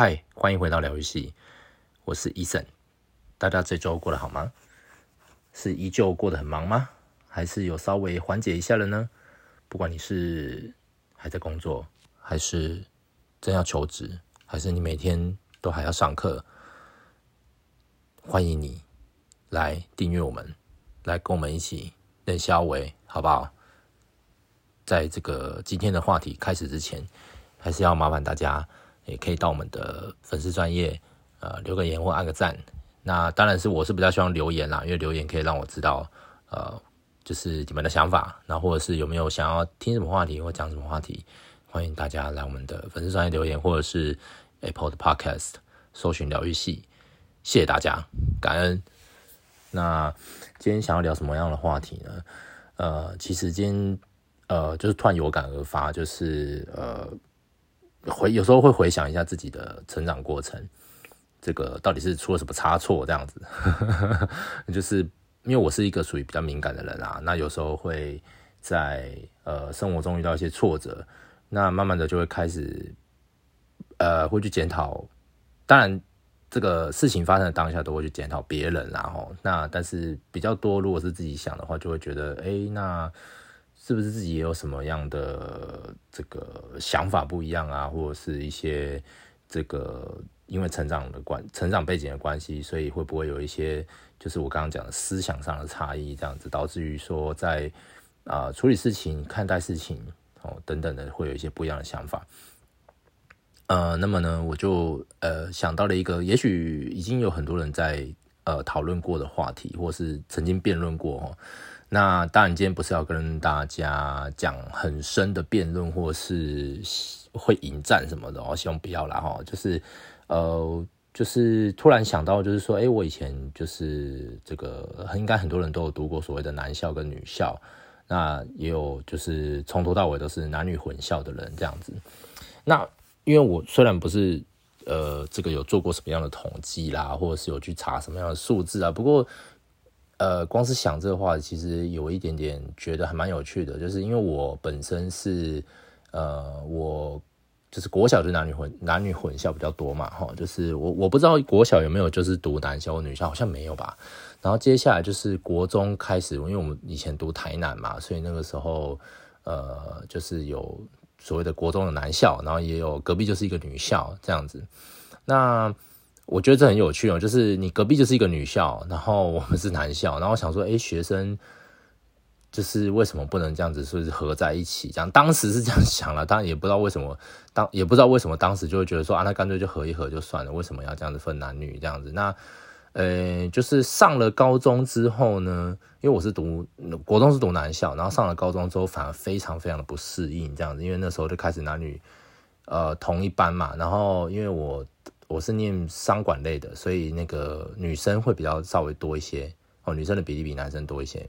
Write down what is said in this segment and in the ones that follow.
嗨，歡迎回到療癒系，我是 Eason。大家這週過得好嗎？是依舊過得很忙嗎？還是有稍微緩解一下了呢？不管你是還在工作，還是正要求職，還是你每天都還要上課，歡迎你來訂閱我們，來跟我們一起練肖話。好不好？在這個今天的話題開始之前，還是要麻煩大家。也可以到我們的粉絲專頁，呃，留個言或按個讚。那當然是我是比較希望留言啦，因為留言可以讓我知道，呃，就是你們的想法，那或者是有沒有想要聽什麼話題或講什麼話題，歡迎大家來我們的粉絲專頁留言，或者是 Apple 的 Podcast 搜尋療癒系。謝謝大家，感恩。那今天想要聊什麼樣的話題呢？呃，其實今天呃就是突然有感而發，就是呃。回有時候會回想一下自己的成長過程，這個到底是出了什麼差錯這樣子， 就是因為我是一個屬於比較敏感的人啦、啊，那有時候會在呃生活中遇到一些挫折，那慢慢的就會開始呃會去檢討，當然這個事情發生的當下都會去檢討別人、啊齁，然後那但是比較多如果是自己想的話，就會覺得哎、欸、那。是不是自己也有什麼樣的這個想法不一樣啊，或者是一些這個因為成長的關、成長背景的關係，所以會不會有一些就是我剛剛講的思想上的差異，這樣子導致於說在啊、呃、處理事情、看待事情哦等等的，會有一些不一樣的想法。呃，那麼呢，我就呃想到了一個，也許已經有很多人在呃討論過的話題，或是曾經辯論過哈。哦那當然，今天不是要跟大家講很深的辯論，或是會引戰什麼的，我希望不要啦就是，呃，就是突然想到，就是說，哎、欸，我以前就是這個，應該很多人都有讀過所謂的男校跟女校，那也有就是從頭到尾都是男女混校的人這樣子。那因為我雖然不是呃這個有做過什麼樣的統計啦，或者是有去查什麼樣的數字啊，不過。呃，光是想這個話，其實有一點點覺得還蠻有趣的，就是因為我本身是，呃，我就是國小就男女混男女混校比較多嘛，齁，就是我我不知道國小有沒有就是讀男校或女校，好像沒有吧。然後接下來就是國中開始，因為我們以前讀台南嘛，所以那個時候，呃，就是有所謂的國中的男校，然後也有隔壁就是一個女校這樣子，那。我覺得這很有趣哦，就是你隔壁就是一個女校，然後我們是男校，然後想說，哎，學生就是為什麼不能這樣子說是，是合在一起？這樣當時是這樣想了，當然也不知道為什麼當，也不知道為什麼當時就會覺得說，啊，那乾脆就合一合就算了，為什麼要這樣子分男女這樣子？那呃，就是上了高中之後呢，因為我是讀國中是讀男校，然後上了高中之後反而非常非常的不適應這樣子，因為那時候就開始男女呃同一班嘛，然後因為我。我是念商管類的，所以那個女生會比較稍微多一些哦，女生的比例比男生多一些。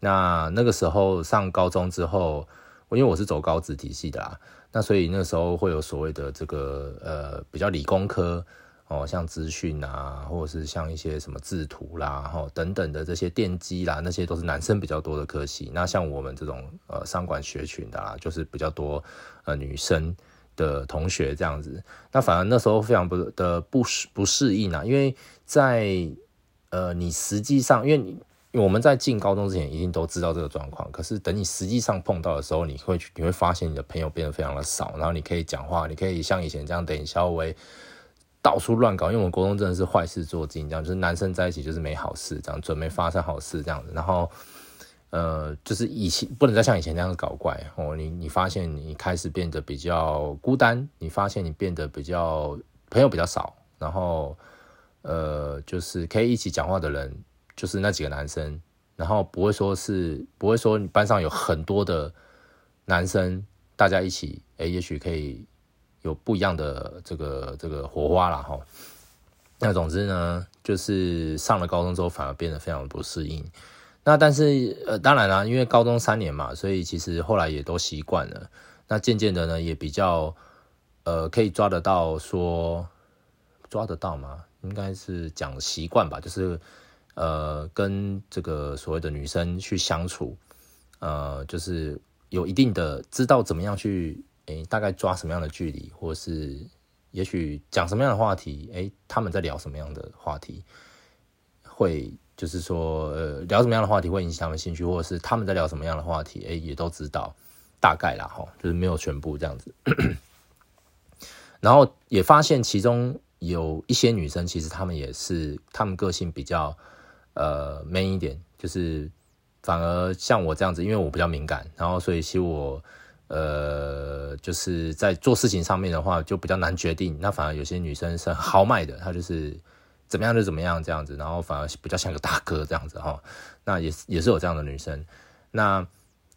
那那個時候上高中之後，我因為我是走高職體系的啦，那所以那時候會有所謂的這個呃比較理工科哦，像資訊啊，或者是像一些什麼製圖啦、哦、等等的這些電機啦，那些都是男生比較多的科系。那像我們這種呃商管學群的啦，就是比較多呃女生。的同學這樣子，那反而那時候非常不的不適不適應啊，因為在呃，你實際上，因為你，我們在進高中之前一定都知道這個狀況，可是等你實際上碰到的時候，你會你會發現你的朋友變得非常的少，然後你可以講話，你可以像以前這樣，等你稍微到處亂搞，因為我們高中真的是壞事做盡，這樣就是男生在一起就是沒好事，這樣準沒發生好事這樣子，然後。呃，就是以前不能再像以前那樣搞怪哦。你你發現你開始變得比較孤單，你發現你變得比較朋友比較少，然後呃，就是可以一起講話的人就是那幾個男生，然後不會說是不會說你班上有很多的男生大家一起，欸、也許可以有不一樣的這個這個火花了哈、哦。那總之呢，就是上了高中之後反而變得非常的不適應。那但是呃，當然啦，因為高中三年嘛，所以其實後來也都習慣了。那漸漸的呢，也比較呃，可以抓得到說，抓得到嗎？應該是講習慣吧，就是呃，跟這個所謂的女生去相處，呃，就是有一定的知道怎麼樣去，哎，大概抓什麼樣的距離，或是也許講什麼樣的話題，哎，他們在聊什麼樣的話題，會。就是說，呃，聊什麼樣的話題會引起他們興趣，或者是他們在聊什麼樣的話題，欸，也都知道大概啦，哈，就是沒有全部這樣子。 然後也發現其中有一些女生，其實她們也是，她們個性比較，呃，man 一點，就是反而像我這樣子，因為我比較敏感，然後所以其實我，呃，就是在做事情上面的話就比較難決定。那反而有些女生是很豪邁的，她就是。怎麼樣就怎麼樣，這樣子，然後反而比較像個大哥這樣子哈。那也是也是有這樣的女生。那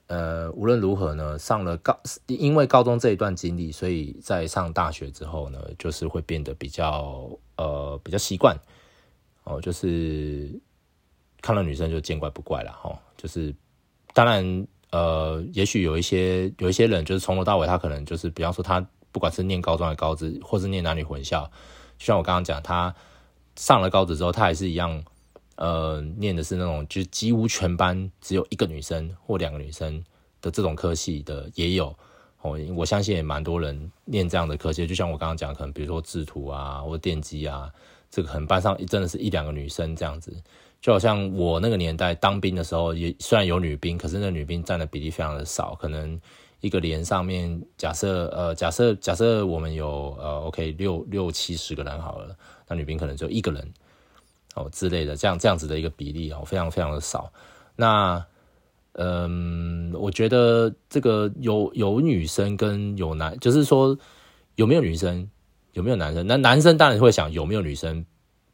呃，無論如何呢，上了高，因為高中這一段經歷，所以在上大學之後呢，就是會變得比較呃比較習慣哦，就是看到女生就見怪不怪了哈、呃。就是當然呃，也許有一些有一些人，就是從頭到尾，他可能就是，比方說他不管是念高中還是高職，或是念男女混校，就像我剛剛講他。上了高職之後，她也是一樣，呃，念的是那種，就幾乎全班只有一個女生或兩個女生的這種科系的也有哦。我相信也蠻多人念這樣的科系，就像我剛剛講，可能比如說製圖啊或者電機啊，這個可能班上真的是一兩個女生這樣子。就好像我那個年代當兵的時候也，也雖然有女兵，可是那女兵佔的比例非常的少，可能。一個連上面，假設呃，假設假設我們有呃，OK，六七十個人好了，那女兵可能就一個人哦之類的，這樣這樣子的一個比例哦，非常非常的少。那嗯、呃，我覺得這個有有女生跟有男，就是說有沒有女生，有沒有男生？那男，男生當然會想有沒有女生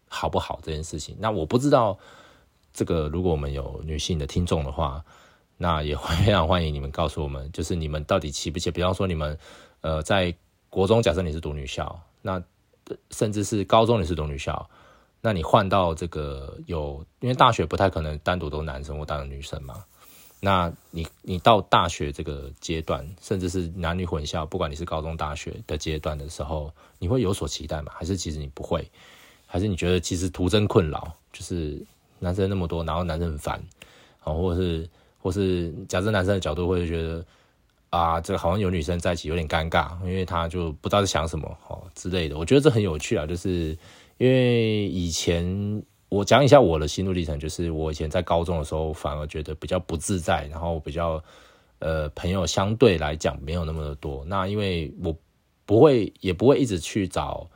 好不好這件事情。那我不知道這個，如果我們有女性的聽眾的話。那也非常歡迎你們告訴我們，就是你們到底期不期？比方說你們，呃，在國中假設你是讀女校，那甚至是高中你是讀女校，那你換到這個有，因為大學不太可能單獨都男生或單獨女生嘛。那你你到大學這個階段，甚至是男女混校，不管你是高中、大學的階段的時候，你會有所期待嗎？還是其實你不會？還是你覺得其實徒增困擾？就是男生那麼多，然後男生很煩，然後、哦、或者是？或是假設男生的角度會覺得啊，這個好像有女生在一起有點尷尬，因為他就不知道在想什麼哦之類的。我覺得這很有趣啊，就是因為以前我講一下我的心路歷程，就是我以前在高中的時候反而覺得比較不自在，然後比較呃，朋友相對來講沒有那麼多。那因為我不會也不會一直去找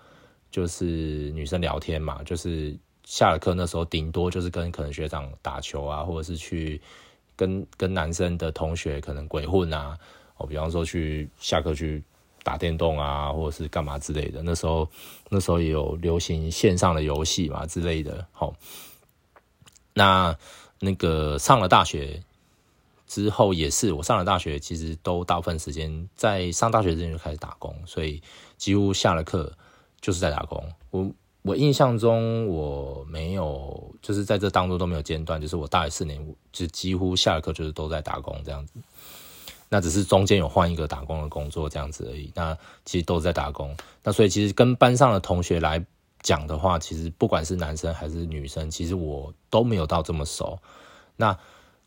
就是女生聊天嘛，就是下了課那時候頂多就是跟可能學長打球啊，或者是去。跟跟男生的同學可能鬼混啊，哦，比方說去下課去打電動啊，或者是幹嘛之類的。那時候那時候也有流行線上的遊戲嘛之類的。好，哦，那那個上了大學之後也是，我上了大學其實都大部分時間在上大學之前就開始打工，所以幾乎下了課就是在打工。我。我印象中，我沒有，就是在這當中都沒有間斷，就是我大學四年，就幾乎下課就是都在打工這樣子，那只是中間有換一個打工的工作這樣子而已。那其實都在打工。那所以其實跟班上的同學來講的話，其實不管是男生還是女生，其實我都沒有到這麼熟。那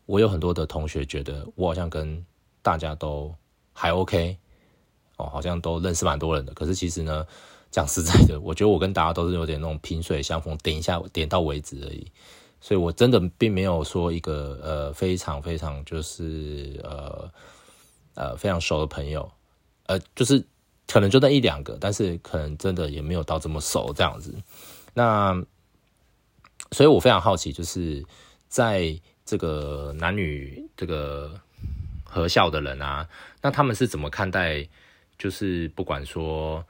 我有很多的同學覺得我好像跟大家都還 OK，哦，好像都認識蠻多人的。可是其實呢？講實在的，我覺得我跟大家都是有點那種萍水相逢，點一下點到為止而已，所以我真的並沒有說一個呃非常非常就是呃呃非常熟的朋友，呃就是可能就那一兩個，但是可能真的也沒有到這麼熟這樣子。那所以我非常好奇，就是在這個男女這個合校的人啊，那他們是怎麼看待，就是不管說。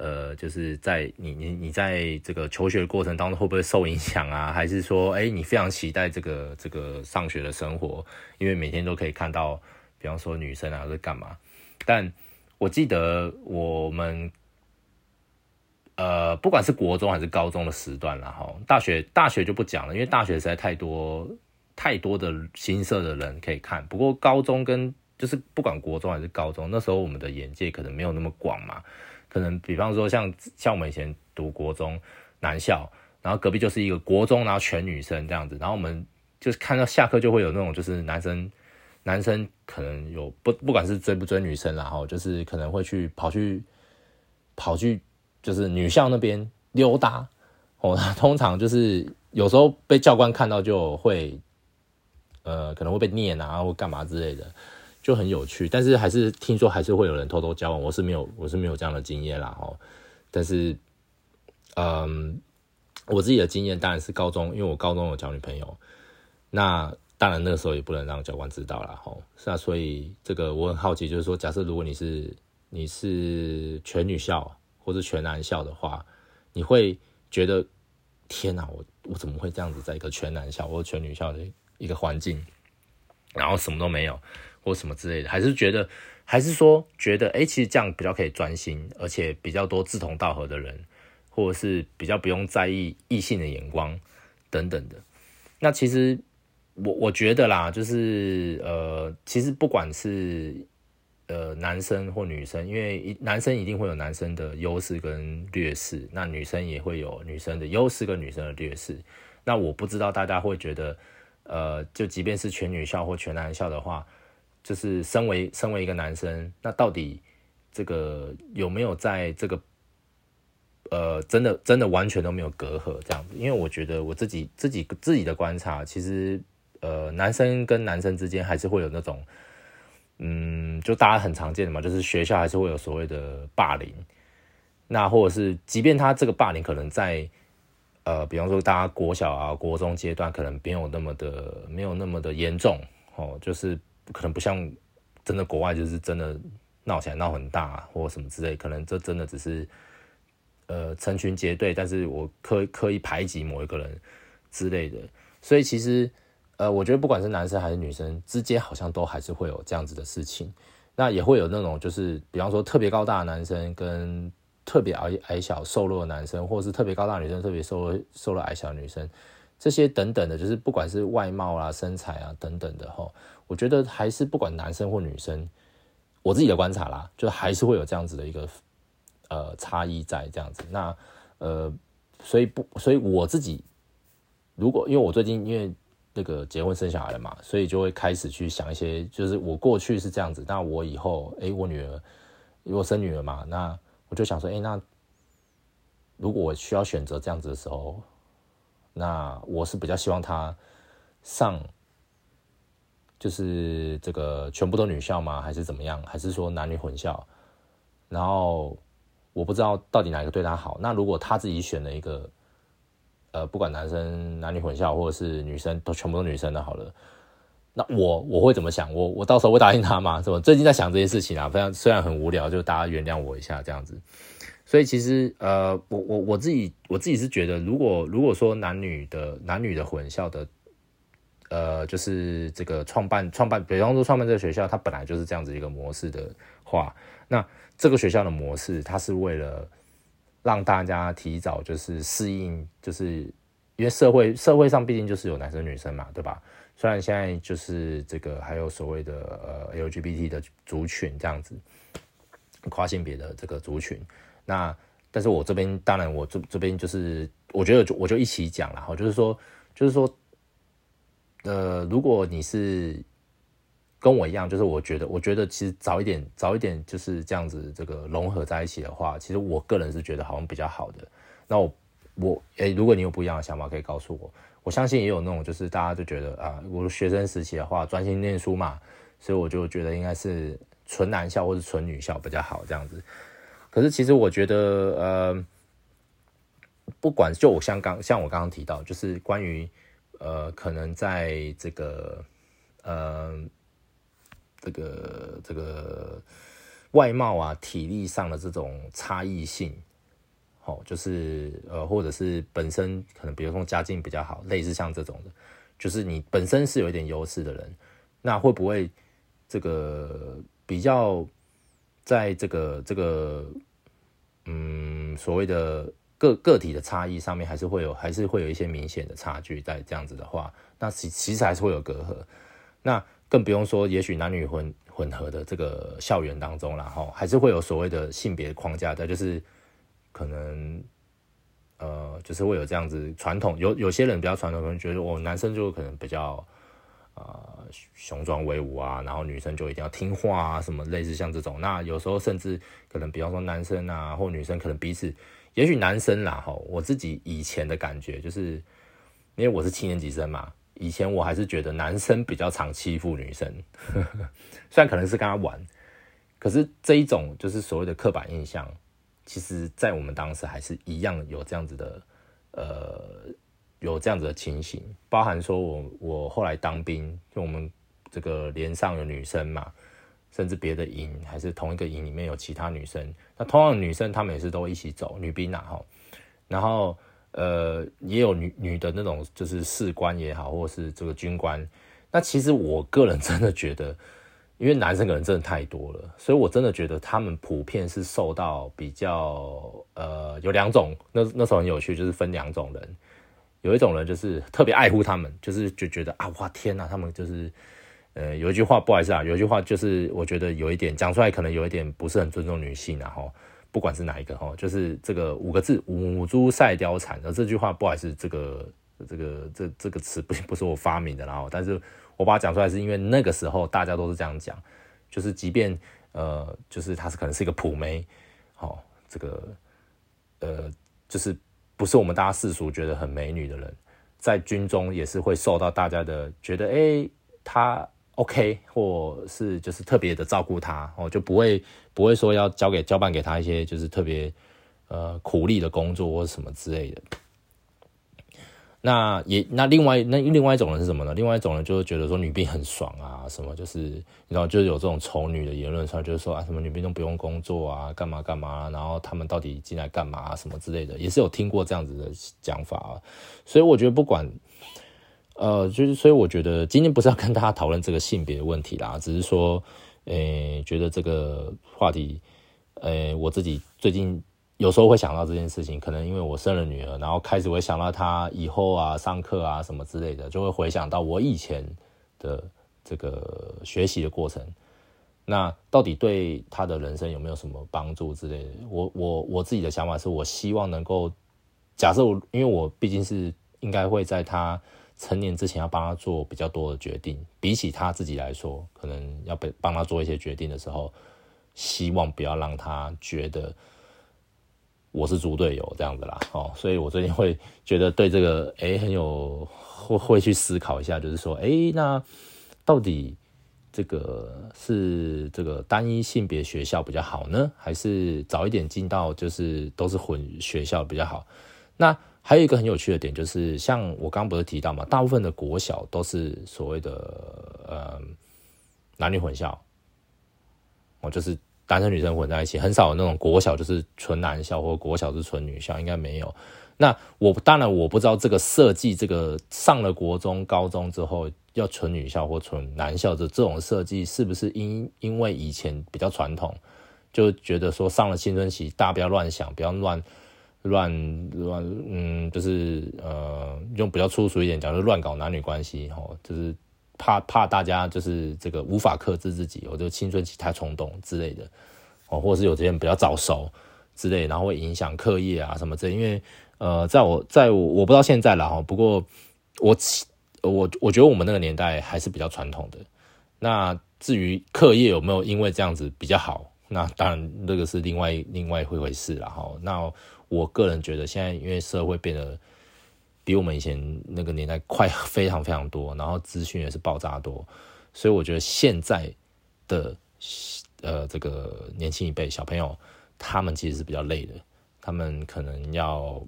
呃，就是在你你你在這個求學的過程當中，會不會受影響啊？還是說，哎、欸，你非常期待這個這個上學的生活，因為每天都可以看到，比方說女生啊，在幹嘛？但我記得我們，呃，不管是國中還是高中的時段，啦，哈，大學大學就不講了，因為大學實在太多太多的新色的人可以看。不過高中跟就是不管國中還是高中，那時候我們的眼界可能沒有那麼廣嘛。可能比方說像像我們以前讀國中男校，然後隔壁就是一個國中，然後全女生這樣子，然後我們就是看到下課就會有那種就是男生男生可能有不不管是追不追女生啦，哦、然後就是可能會去跑去跑去就是女校那邊溜達哦，通常就是有時候被教官看到就會呃可能會被念啊或幹嘛之類的。就很有趣，但是還是聽說還是會有人偷偷交往，我是沒有，我是沒有這樣的經驗啦齁，但是，嗯，我自己的經驗當然是高中，因為我高中有交女朋友，那當然那個時候也不能讓教官知道了齁。是啊，所以這個我很好奇，就是說，假設如果你是你是全女校或者全男校的話，你會覺得天哪，我我怎麼會這樣子在一個全男校或全女校的一個環境，然後什麼都沒有。或什麼之類的，還是覺得，還是說覺得，哎、欸，其實這樣比較可以專心，而且比較多志同道合的人，或者是比較不用在意異性的眼光等等的。那其實我我覺得啦，就是呃，其實不管是呃男生或女生，因為男生一定會有男生的優勢跟劣勢，那女生也會有女生的優勢跟女生的劣勢。那我不知道大家會覺得，呃，就即便是全女校或全男校的話。就是身為身為一個男生，那到底這個有沒有在這個呃真的真的完全都沒有隔閡這樣子？因為我覺得我自己自己自己的觀察，其實呃男生跟男生之間還是會有那種嗯，就大家很常見的嘛，就是學校還是會有所謂的霸凌。那或者是，即便他這個霸凌可能在呃，比方說大家國小啊、國中階段，可能沒有那麼的沒有那麼的嚴重哦，就是。可能不像真的國外，就是真的鬧起來鬧很大啊，或什麼之類。可能這真的只是呃成群結隊，但是我可刻，刻意排擠某一個人之類的。所以其實呃，我覺得不管是男生還是女生之間，好像都還是會有這樣子的事情。那也會有那種就是，比方說特別高大的男生跟特別矮矮小瘦弱的男生，或者是特別高大的女生，特別瘦弱瘦弱矮小的女生。這些等等的，就是不管是外貌啊、身材啊等等的哈，我覺得還是不管男生或女生，我自己的觀察啦，就還是會有這樣子的一個呃差異在這樣子。那呃，所以不，所以我自己如果因為我最近因為那個結婚生小孩了嘛，所以就會開始去想一些，就是我過去是這樣子，那我以後哎、欸，我女兒如果生女兒嘛，那我就想說，哎、欸，那如果我需要選擇這樣子的時候。那我是比較希望她上，就是這個全部都女校嗎？還是怎麼樣？還是說男女混校？然後我不知道到底哪個對她好。那如果她自己選了一個，呃，不管男生男女混校，或者是女生都全部都女生的，好了。那我我會怎麼想？我我到時候會答應她嗎？是吧？最近在想這些事情啊，非常雖然很無聊，就大家原諒我一下，這樣子。所以其實，呃，我我我自己我自己是覺得，如果如果說男女的男女的混校的，呃，就是這個創辦創辦，比方說創辦這個學校，它本來就是這樣子一個模式的話，那這個學校的模式，它是為了讓大家提早就是適應，就是因為社會社會上畢竟就是有男生女生嘛，對吧？雖然現在就是這個還有所謂的呃 LGBT 的族群這樣子，跨性別的這個族群。那，但是我這邊當然，我這這邊就是，我覺得就我就一起講了，就是說，就是說，呃，如果你是跟我一樣，就是我覺得，我覺得其實早一點，早一點就是這樣子，這個融合在一起的話，其實我個人是覺得好像比較好的。那我我，哎、欸，如果你有不一樣的想法，可以告訴我。我相信也有那種，就是大家就覺得啊、呃，我學生時期的話，專心念書嘛，所以我就覺得應該是純男校或者純女校比較好這樣子。可是，其實我覺得，呃，不管就我像剛像我剛剛提到，就是關於，呃，可能在這個，呃，這個這個外貌啊、體力上的這種差異性，好、哦，就是呃，或者是本身可能比如說家境比較好，類似像這種的，就是你本身是有一點優勢的人，那會不會這個比較？在這個這個，嗯，所謂的個個體的差異上面，還是會有，還是會有一些明顯的差距。在這樣子的話，那其其實還是會有隔閡。那更不用說，也許男女混混合的這個校園當中啦，然後還是會有所謂的性別框架的，就是可能，呃，就是會有這樣子傳統。有有些人比較傳統，可能覺得我、哦、男生就可能比較。呃，雄壯威武啊，然後女生就一定要聽話啊，什麼類似像這種。那有時候甚至可能，比方說男生啊，或女生可能彼此，也許男生啦，我自己以前的感覺就是，因為我是七年級生嘛，以前我還是覺得男生比較常欺負女生呵呵，雖然可能是跟他玩，可是這一種就是所謂的刻板印象，其實在我們當時還是一樣有這樣子的呃。有這樣子的情形，包含說我，我我後來當兵，就我們這個連上有女生嘛，甚至別的營還是同一個營裡面有其他女生，那同樣的女生她們也是都一起走女兵啊，吼，然後呃也有女女的那種就是士官也好，或是這個軍官，那其實我個人真的覺得，因為男生可能真的太多了，所以我真的覺得他們普遍是受到比較呃有兩種，那那時候很有趣，就是分兩種人。有一種人就是特別愛護他們，就是就覺得啊，哇天吶、啊，他們就是，呃，有一句話不好意思啊，有一句話就是我覺得有一點講出來可能有一點不是很尊重女性，啊，然後不管是哪一個哈，就是這個五個字“母豬賽貂蟬”，而這句話不好意思，這個這個這這個詞不不是我發明的，然後，但是我把它講出來是因為那個時候大家都是這樣講，就是即便呃，就是他是可能是一個普妹，這個呃，就是。不是我們大家世俗覺得很美女的人，在軍中也是會受到大家的覺得，誒、欸，她 OK，或是就是特別的照顧她，就不會不會說要交給交辦給她一些就是特別呃苦力的工作或什麼之類的。那也那另外那另外一種人是什麼呢？另外一種人就是覺得說女兵很爽啊，什麼就是然後就是有這種醜女的言論出來，就是說啊，什麼女兵都不用工作啊，幹嘛幹嘛、啊，然後他們到底進來幹嘛啊，什麼之類的，也是有聽過這樣子的講法啊。所以我覺得不管，呃，就是所以我覺得今天不是要跟大家討論這個性別的問題啦，只是說，誒、欸，覺得這個話題，誒、欸，我自己最近。有時候會想到這件事情，可能因為我生了女兒，然後開始會想到她以後啊、上課啊什麼之類的，就會回想到我以前的這個學習的過程。那到底對她的人生有沒有什麼幫助之類的？我、我、我自己的想法是我希望能夠，假設因為我畢竟是應該會在她成年之前要幫她做比較多的決定，比起她自己來說，可能要被幫她做一些決定的時候，希望不要讓她覺得。我是豬隊友這樣子啦，哦，所以我最近會覺得對這個，誒、欸，很有會會去思考一下，就是說、欸，那到底這個是這個單一性別學校比較好呢？還是早一點進到就是都是混學校比較好？那還有一個很有趣的點就是，像我剛剛不是提到嘛，大部分的國小都是所謂的、呃、男女混校，我、哦、就是。男生女生混在一起，很少有那種國小就是純男校或國小是純女校，應該沒有。那我當然我不知道這個設計，這個上了國中、高中之後要純女校或純男校這這種設計，是不是因因為以前比較傳統，就覺得說上了青春期，大家不要亂想，不要亂亂亂，嗯，就是呃，用比較粗俗一點講，就亂搞男女關係，吼，就是。怕怕大家就是這個無法克制自己，我、哦、就青春期太衝動之類的，哦，或者是有這些人比較早熟之類，然後會影響課業啊什麼之類的。因為呃，在我在我我不知道現在了哈、哦，不過我我我覺得我們那個年代還是比較傳統的。那至於課業有沒有因為這樣子比較好，那當然那個是另外另外一回事了哈、哦。那我個人覺得現在因為社會變得。比我們以前那個年代，快非常非常多，然後資訊也是爆炸多，所以我覺得現在的呃這個年輕一輩小朋友，他們其實是比較累的，他們可能要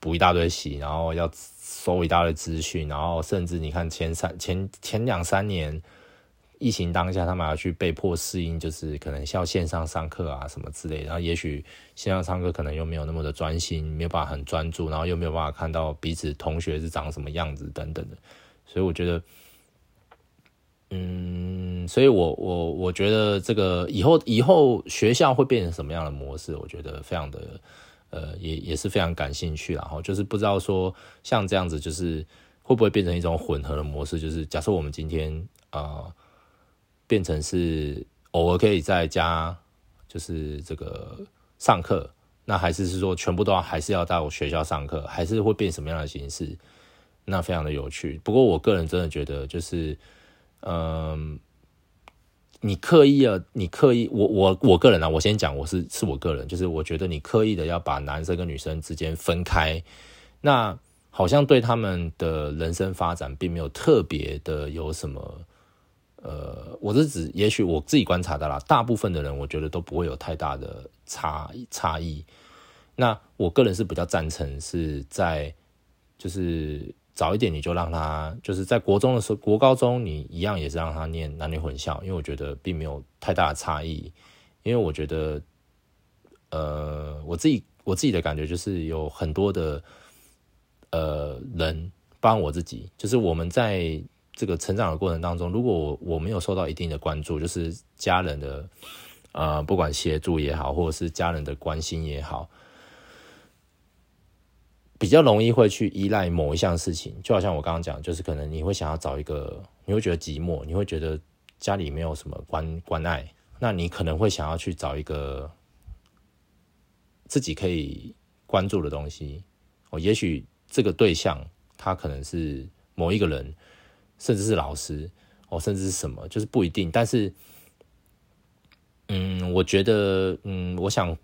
補一大堆習，然後要收一大堆資訊，然後甚至你看前三前前兩三年。疫情當下，他們要去被迫適應，就是可能需要線上上課啊什麼之類。然後，也許線上上課可能又沒有那麼的專心，沒有辦法很專注，然後又沒有辦法看到彼此同學是長什麼樣子等等的。所以，我覺得，嗯，所以我我我覺得這個以後以後學校會變成什麼樣的模式，我覺得非常的呃，也也是非常感興趣。然後，就是不知道說像這樣子，就是會不會變成一種混合的模式？就是假設我們今天啊。呃變成是偶爾可以在家，就是這個上課，那還是是說全部都還是要到學校上課，還是會變什麼樣的形式？那非常的有趣。不過我個人真的覺得，就是嗯，你刻意啊，你刻意，我我我個人啊，我先講，我是是我個人，就是我覺得你刻意的要把男生跟女生之間分開，那好像對他們的人生發展並沒有特別的有什麼。呃，我是指，也許我自己觀察的啦，大部分的人我覺得都不會有太大的差差異。那我個人是比較贊成是在，就是早一點你就讓他，就是在國中的時候，國高中你一樣也是讓他念男女混校，因為我覺得並沒有太大的差異。因為我覺得，呃，我自己我自己的感覺就是有很多的呃人包括我自己，就是我們在。這個成長的過程當中，如果我我沒有受到一定的關注，就是家人的啊、呃，不管協助也好，或者是家人的關心也好，比較容易會去依賴某一項事情。就好像我剛剛講，就是可能你會想要找一個，你會覺得寂寞，你會覺得家裡沒有什麼關關愛，那你可能會想要去找一個自己可以關注的東西。哦，也許這個對象他可能是某一個人。甚至是老師哦，甚至是什麼，就是不一定。但是，嗯，我覺得，嗯，我想，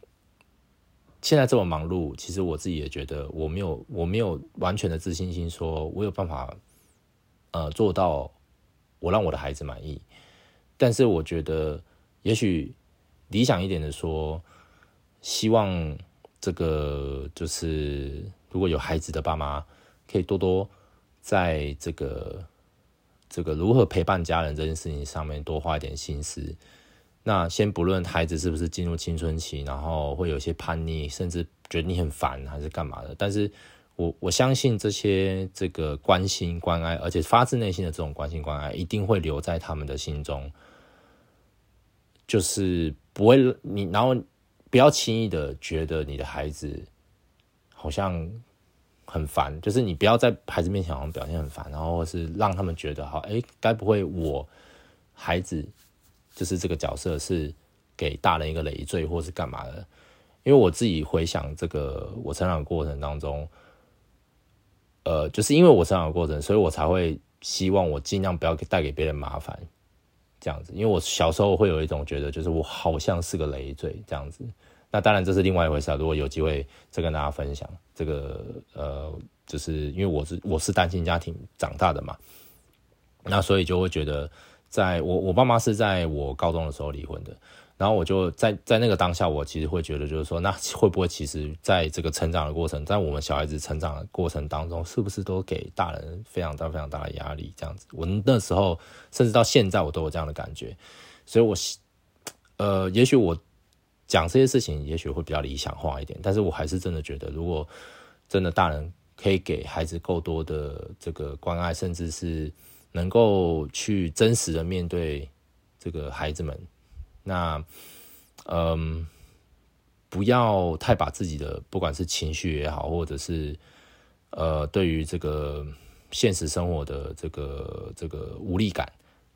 現在這麼忙碌，其實我自己也覺得，我沒有，我沒有完全的自信心，說我有辦法，呃，做到我讓我的孩子滿意。但是，我覺得，也許理想一點的說，希望這個就是如果有孩子的爸媽，可以多多在這個。這個如何陪伴家人這件事情上面多花一點心思。那先不論孩子是不是進入青春期，然後會有些叛逆，甚至覺得你很煩還是幹嘛的，但是我我相信這些這個關心關愛，而且發自內心的這種關心關愛，一定會留在他們的心中，就是不會你然後不要輕易的覺得你的孩子好像。很煩，就是你不要在孩子面前好像表現很煩，然後或是讓他們覺得好，哎，該不會我孩子就是這個角色是給大人一個累贅，或是幹嘛的？因為我自己回想這個我成長的過程當中，呃，就是因為我成長的過程，所以我才會希望我盡量不要帶給別人麻煩，這樣子。因為我小時候會有一種覺得，就是我好像是個累贅，這樣子。那當然，這是另外一回事。如果有機會再跟大家分享這個，呃，就是因為我是我是單親家庭長大的嘛，那所以就會覺得在，在我我爸媽是在我高中的時候離婚的，然後我就在在那個當下，我其實會覺得，就是說，那會不會其實在這個成長的過程，在我們小孩子成長的過程當中，是不是都給大人非常大、非常大的壓力？這樣子，我那時候甚至到現在，我都有這樣的感覺。所以我，我呃，也許我。講這些事情，也許會比較理想化一點，但是我還是真的覺得，如果真的大人可以給孩子夠多的這個關愛，甚至是能夠去真實的面對這個孩子們，那，嗯、呃，不要太把自己的不管是情緒也好，或者是呃，對於這個現實生活的這個這個無力感。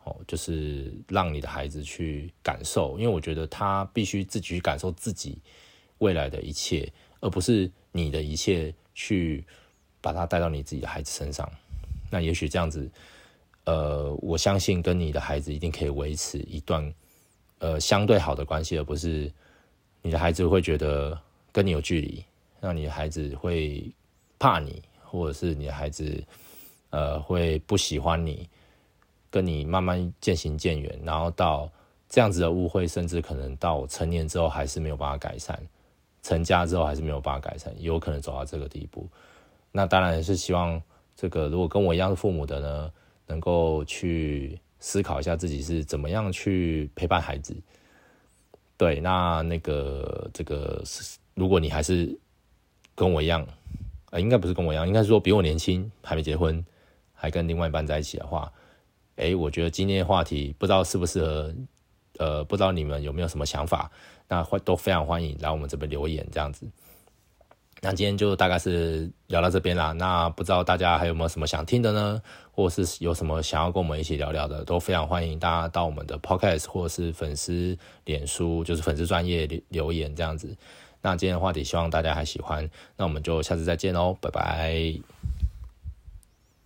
哦，就是讓你的孩子去感受，因為我覺得他必須自己去感受自己未來的一切，而不是你的一切去把他帶到你自己的孩子身上。那也許這樣子，呃，我相信跟你的孩子一定可以維持一段呃相對好的關係，而不是你的孩子會覺得跟你有距離，讓你的孩子會怕你，或者是你的孩子呃會不喜歡你。跟你慢慢漸行漸遠，然後到這樣子的誤會，甚至可能到成年之後還是沒有辦法改善，成家之後還是沒有辦法改善，有可能走到這個地步。那當然是希望這個，如果跟我一樣是父母的呢，能夠去思考一下自己是怎麼樣去陪伴孩子。對，那那個這個，如果你還是跟我一樣，呃，應該不是跟我一樣，應該是說比我年輕，還沒結婚，還跟另外一半在一起的話。哎，我覺得今天的話題不知道適不適合，呃，不知道你們有沒有什麼想法，那會都非常歡迎來我們這邊留言這樣子。那今天就大概是聊到這邊啦，那不知道大家還有沒有什麼想聽的呢？或者是有什麼想要跟我們一起聊聊的，都非常歡迎大家到我們的 Podcast 或者是粉絲臉書，就是粉絲專頁留言這樣子。那今天的話題希望大家還喜歡，那我們就下次再見哦，拜拜。